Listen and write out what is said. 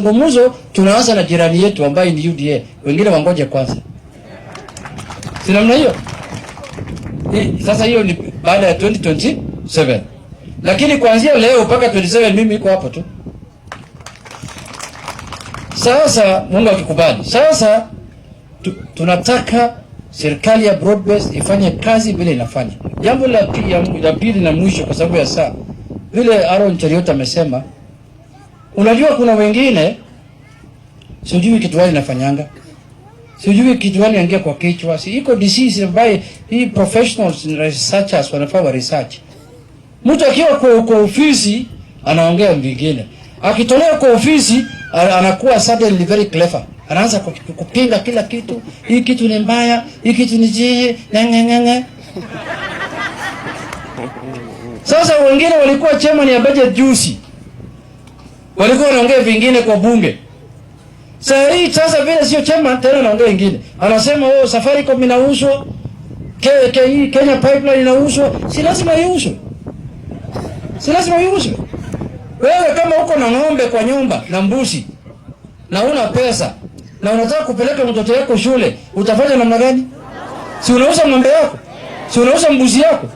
mazungumzo tunaanza na jirani yetu ambaye ni UDA, wengine wangoje kwanza, si namna hiyo e? Sasa hiyo ni baada ya 2027 lakini kuanzia leo mpaka 27 mimi iko hapo tu. Sasa Mungu akikubali, sasa tu, tunataka serikali ya broadbase ifanye kazi vile inafanya. Jambo la pili na mwisho, kwa sababu ya saa, vile Aaron Cheriota amesema Unajua kuna wengine sijui kitu gani nafanyanga. Sijui kitu gani naingia kwa kichwa. Si iko disease ambayo hii professionals researchers wanafanya research. Mtu akiwa kwa, kwa ofisi anaongea vingine. Akitolea kwa ofisi anakuwa suddenly very clever. Anaanza kupinga kila kitu. Hii kitu ni mbaya, hii kitu ni jiji, jee, ngengenge. Sasa wengine walikuwa chairman ya budget juicy walikuwa wanaongea vingine kwa bunge. Sasa hii sasa vile sio chama tena, anaongea ingine, anasema wewe, oh, Safaricom inauzwa, KKI Kenya Pipeline inauzwa. Si lazima iuzwe, si lazima iuzwe. Wewe kama uko na ng'ombe kwa nyumba na mbuzi na una pesa na unataka kupeleka mtoto yako shule, utafanya namna gani? Si unauza ng'ombe yako? Si unauza mbuzi yako?